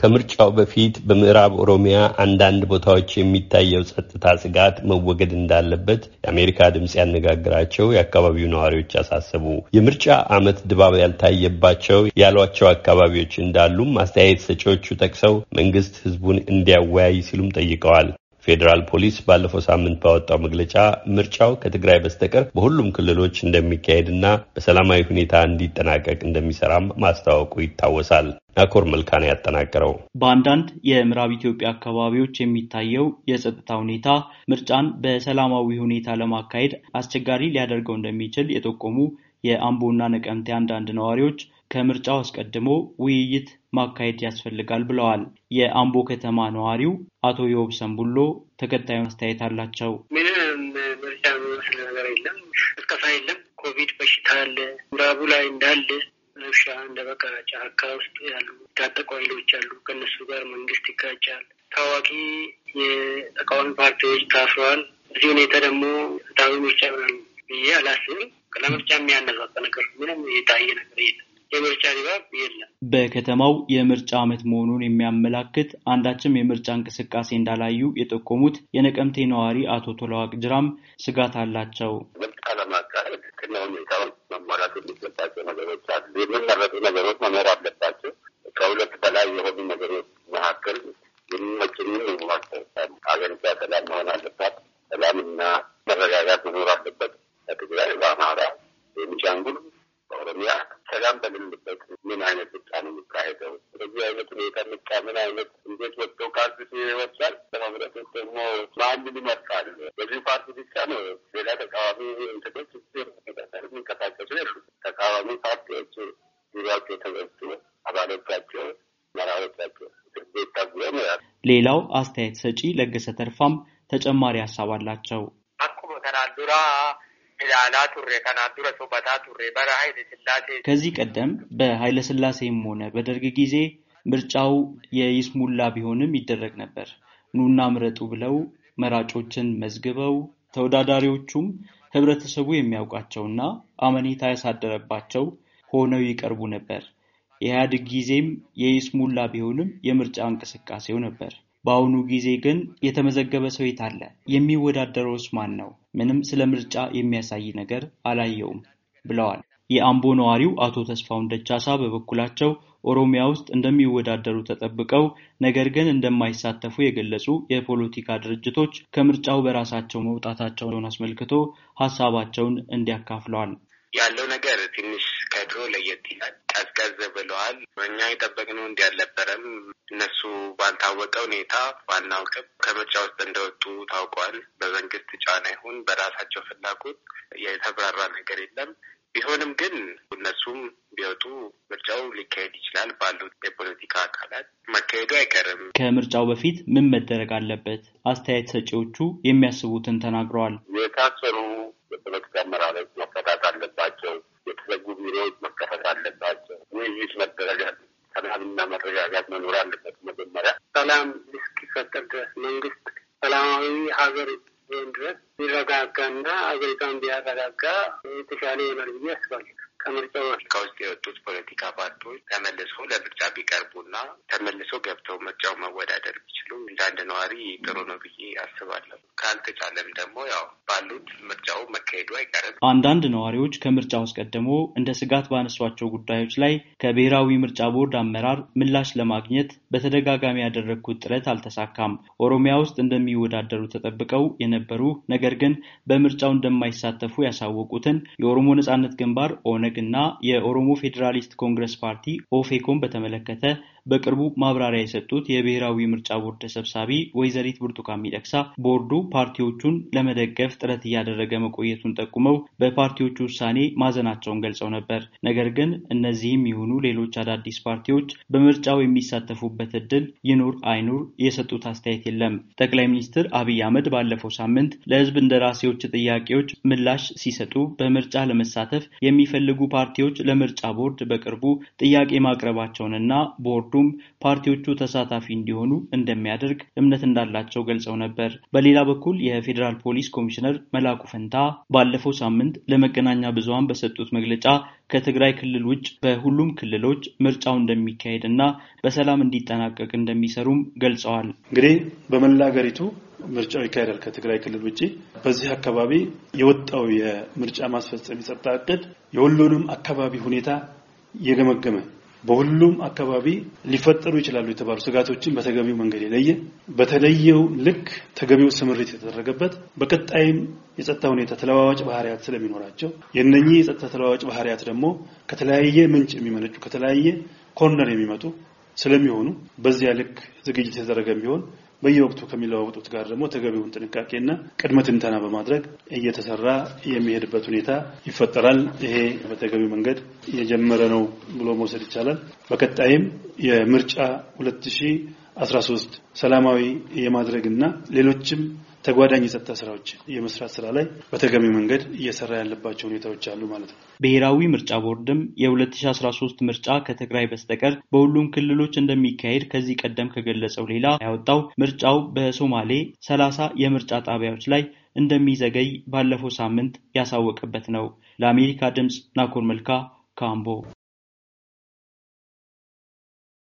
ከምርጫው በፊት በምዕራብ ኦሮሚያ አንዳንድ ቦታዎች የሚታየው ጸጥታ ስጋት መወገድ እንዳለበት የአሜሪካ ድምፅ ያነጋግራቸው የአካባቢው ነዋሪዎች አሳሰቡ። የምርጫ ዓመት ድባብ ያልታየባቸው ያሏቸው አካባቢዎች እንዳሉም አስተያየት ሰጪዎቹ ጠቅሰው መንግስት ሕዝቡን እንዲያወያይ ሲሉም ጠይቀዋል። ፌዴራል ፖሊስ ባለፈው ሳምንት ባወጣው መግለጫ ምርጫው ከትግራይ በስተቀር በሁሉም ክልሎች እንደሚካሄድና በሰላማዊ ሁኔታ እንዲጠናቀቅ እንደሚሰራም ማስታወቁ ይታወሳል። ናኮር መልካና ያጠናቀረው። በአንዳንድ የምዕራብ ኢትዮጵያ አካባቢዎች የሚታየው የጸጥታ ሁኔታ ምርጫን በሰላማዊ ሁኔታ ለማካሄድ አስቸጋሪ ሊያደርገው እንደሚችል የጠቆሙ የአምቦና ነቀምቴ አንዳንድ ነዋሪዎች ከምርጫው አስቀድሞ ውይይት ማካሄድ ያስፈልጋል ብለዋል። የአምቦ ከተማ ነዋሪው አቶ ዮብሰን ሰንቡሎ ተከታዩ አስተያየት አላቸው። ምንም ምርጫ ነገር የለም። እስከፋ የለም። ኮቪድ በሽታ አለ። ምዕራቡ ላይ እንዳለ ውሻ እንደ በቀላ ጫካ ውስጥ ያሉ ታጠቁ ኃይሎች አሉ። ከእነሱ ጋር መንግስት ይጋጫል። ታዋቂ የተቃዋሚ ፓርቲዎች ታስረዋል። እዚህ ሁኔታ ደግሞ ታዊ ምርጫ ብዬ አላስብም። ለምርጫ የሚያነሳሳ ነገር ምንም የታየ ነገር የለም። የምርጫ ድባብ የለም። በከተማው የምርጫ ዓመት መሆኑን የሚያመላክት አንዳችም የምርጫ እንቅስቃሴ እንዳላዩ የጠቆሙት የነቀምቴ ነዋሪ አቶ ቶለዋቅ ጅራም ስጋት አላቸው። ምርጫ ለማካሄድ ቅድመ ሁኔታውን መሟላት የሚገባቸው ነገሮች አሉ። የሚመረጡ ነገሮች መኖር አለባቸው። ከሁለት በላይ የሆኑ ነገሮች መካከል አገሪቷ ሰላም መሆን አለባት። ሰላምና ሰላም በምንበት ምን አይነት ምርጫ ነው የሚካሄደው? ስለዚህ አይነት ሁኔታ ምቃ ምን አይነት እንዴት ወጥቶ ካርድ ይወጣል። ለመምረጥ ደግሞ ማንን ይመርጣል? በዚህ ፓርቲ ብቻ ነው። ሌላ ተቃዋሚ እንትኖች የሚንቀሳቀሱ የሉ። ተቃዋሚ ፓርቲዎች ዙሪያቸው ተዘግቶ አባሎቻቸው፣ መራሮቻቸው እስር ቤት ታጉረ ነው ያሉ። ሌላው አስተያየት ሰጪ ለገሰ ተርፋም ተጨማሪ ሀሳብ አላቸው። ከዚህ ቀደም ስላሴም ሆነ በደርግ ጊዜ ምርጫው የይስሙላ ቢሆንም ይደረግ ነበር። ኑና ምረጡ ብለው መራጮችን መዝግበው ተወዳዳሪዎቹም ህብረተሰቡ የሚያውቃቸውና አመኔታ ያሳደረባቸው ሆነው ይቀርቡ ነበር። የኢህአዴግ ጊዜም የይስሙላ ቢሆንም የምርጫ እንቅስቃሴው ነበር። በአሁኑ ጊዜ ግን የተመዘገበ ሰው የት አለ? የሚወዳደረውስ ማን ነው? ምንም ስለ ምርጫ የሚያሳይ ነገር አላየውም ብለዋል። የአምቦ ነዋሪው አቶ ተስፋውን ደቻሳ በበኩላቸው ኦሮሚያ ውስጥ እንደሚወዳደሩ ተጠብቀው ነገር ግን እንደማይሳተፉ የገለጹ የፖለቲካ ድርጅቶች ከምርጫው በራሳቸው መውጣታቸውን አስመልክቶ ሀሳባቸውን እንዲያካፍለዋል። ያለው ነገር ትንሽ ከድሮ ለየት ይላል። ቀዝቀዝ ብለዋል። እኛ የጠበቅነው እንዲህ አልነበረም። እነሱ ባልታወቀ ሁኔታ ባናውቅም ከምርጫ ውስጥ እንደወጡ ታውቋል። በመንግስት ጫና ይሁን በራሳቸው ፍላጎት የተብራራ ነገር የለም። ቢሆንም ግን እነሱም ቢወጡ ምርጫው ሊካሄድ ይችላል ባሉት የፖለቲካ አካላት መካሄዱ አይቀርም። ከምርጫው በፊት ምን መደረግ አለበት? አስተያየት ሰጪዎቹ የሚያስቡትን ተናግረዋል። የታሰሩ የፖለቲካ አመራሮች ትንሽ መደረጋል። ሰላምና መረጋጋት መኖር አለበት። መጀመሪያ ሰላም እስኪፈጠር ድረስ መንግስት ሰላማዊ ሀገር ሆን ድረስ ሊረጋጋና አገሪቷን ቢያረጋጋ የተሻለ ይሆናል ብዬ አስባለሁ። ከምርጫ ከውስጥ የወጡት ፖለቲካ ፓርቲዎች ተመልሶ ለምርጫ ቢቀርቡና ተመልሶ ገብተው ምርጫው መወዳደር ቢችሉ እንዳንድ ነዋሪ ጥሩ ነው ብዬ አስባለሁ። ካልተቻለም ደግሞ ያው ባሉት ምርጫው መሄዱ አይቀርም። አንዳንድ ነዋሪዎች ከምርጫ አስቀድሞ እንደ ስጋት ባነሷቸው ጉዳዮች ላይ ከብሔራዊ ምርጫ ቦርድ አመራር ምላሽ ለማግኘት በተደጋጋሚ ያደረግኩት ጥረት አልተሳካም። ኦሮሚያ ውስጥ እንደሚወዳደሩ ተጠብቀው የነበሩ ነገር ግን በምርጫው እንደማይሳተፉ ያሳወቁትን የኦሮሞ ነጻነት ግንባር ኦነግ እና የኦሮሞ ፌዴራሊስት ኮንግረስ ፓርቲ ኦፌኮን በተመለከተ በቅርቡ ማብራሪያ የሰጡት የብሔራዊ ምርጫ ቦርድ ተሰብሳቢ ወይዘሪት ብርቱካን ሚደቅሳ ቦርዱ ፓርቲዎቹን ለመደገፍ ጥረት እያደረገ መቆየቱን ጠቁመው በፓርቲዎቹ ውሳኔ ማዘናቸውን ገልጸው ነበር። ነገር ግን እነዚህም ይሁኑ ሌሎች አዳዲስ ፓርቲዎች በምርጫው የሚሳተፉበት እድል ይኑር አይኑር የሰጡት አስተያየት የለም። ጠቅላይ ሚኒስትር አብይ አህመድ ባለፈው ሳምንት ለህዝብ እንደራሴዎች ጥያቄዎች ምላሽ ሲሰጡ በምርጫ ለመሳተፍ የሚፈልጉ ፓርቲዎች ለምርጫ ቦርድ በቅርቡ ጥያቄ ማቅረባቸውንና ቦርዱ ቦርዱም ፓርቲዎቹ ተሳታፊ እንዲሆኑ እንደሚያደርግ እምነት እንዳላቸው ገልጸው ነበር። በሌላ በኩል የፌዴራል ፖሊስ ኮሚሽነር መላኩ ፈንታ ባለፈው ሳምንት ለመገናኛ ብዙሃን በሰጡት መግለጫ ከትግራይ ክልል ውጭ በሁሉም ክልሎች ምርጫው እንደሚካሄድ እና በሰላም እንዲጠናቀቅ እንደሚሰሩም ገልጸዋል። እንግዲህ በመላ ምርጫው ይካሄዳል። ከትግራይ ክልል ውጭ በዚህ አካባቢ የወጣው የምርጫ ማስፈጸም የጸጥታ እቅድ የሁሉንም አካባቢ ሁኔታ የገመገመ በሁሉም አካባቢ ሊፈጠሩ ይችላሉ የተባሉ ስጋቶችን በተገቢው መንገድ የለየ በተለየው ልክ ተገቢው ስምሪት የተደረገበት በቀጣይም የጸጥታ ሁኔታ ተለዋዋጭ ባህሪያት ስለሚኖራቸው የእነኚህ የጸጥታ ተለዋዋጭ ባህሪያት ደግሞ ከተለያየ ምንጭ የሚመነጩ ከተለያየ ኮርነር የሚመጡ ስለሚሆኑ በዚያ ልክ ዝግጅት የተደረገ ቢሆን በየወቅቱ ከሚለዋወጡት ጋር ደግሞ ተገቢውን ጥንቃቄና ቅድመ ትንተና በማድረግ እየተሰራ የሚሄድበት ሁኔታ ይፈጠራል። ይሄ በተገቢው መንገድ የጀመረ ነው ብሎ መውሰድ ይቻላል። በቀጣይም የምርጫ 2013 ሰላማዊ የማድረግና ሌሎችም ተጓዳኝ የጸጥታ ስራዎች የመስራት ስራ ላይ በተገቢ መንገድ እየሰራ ያለባቸው ሁኔታዎች አሉ ማለት ነው። ብሔራዊ ምርጫ ቦርድም የ2013 ምርጫ ከትግራይ በስተቀር በሁሉም ክልሎች እንደሚካሄድ ከዚህ ቀደም ከገለጸው ሌላ ያወጣው ምርጫው በሶማሌ ሰላሳ የምርጫ ጣቢያዎች ላይ እንደሚዘገይ ባለፈው ሳምንት ያሳወቀበት ነው። ለአሜሪካ ድምፅ ናኮር መልካ ካምቦ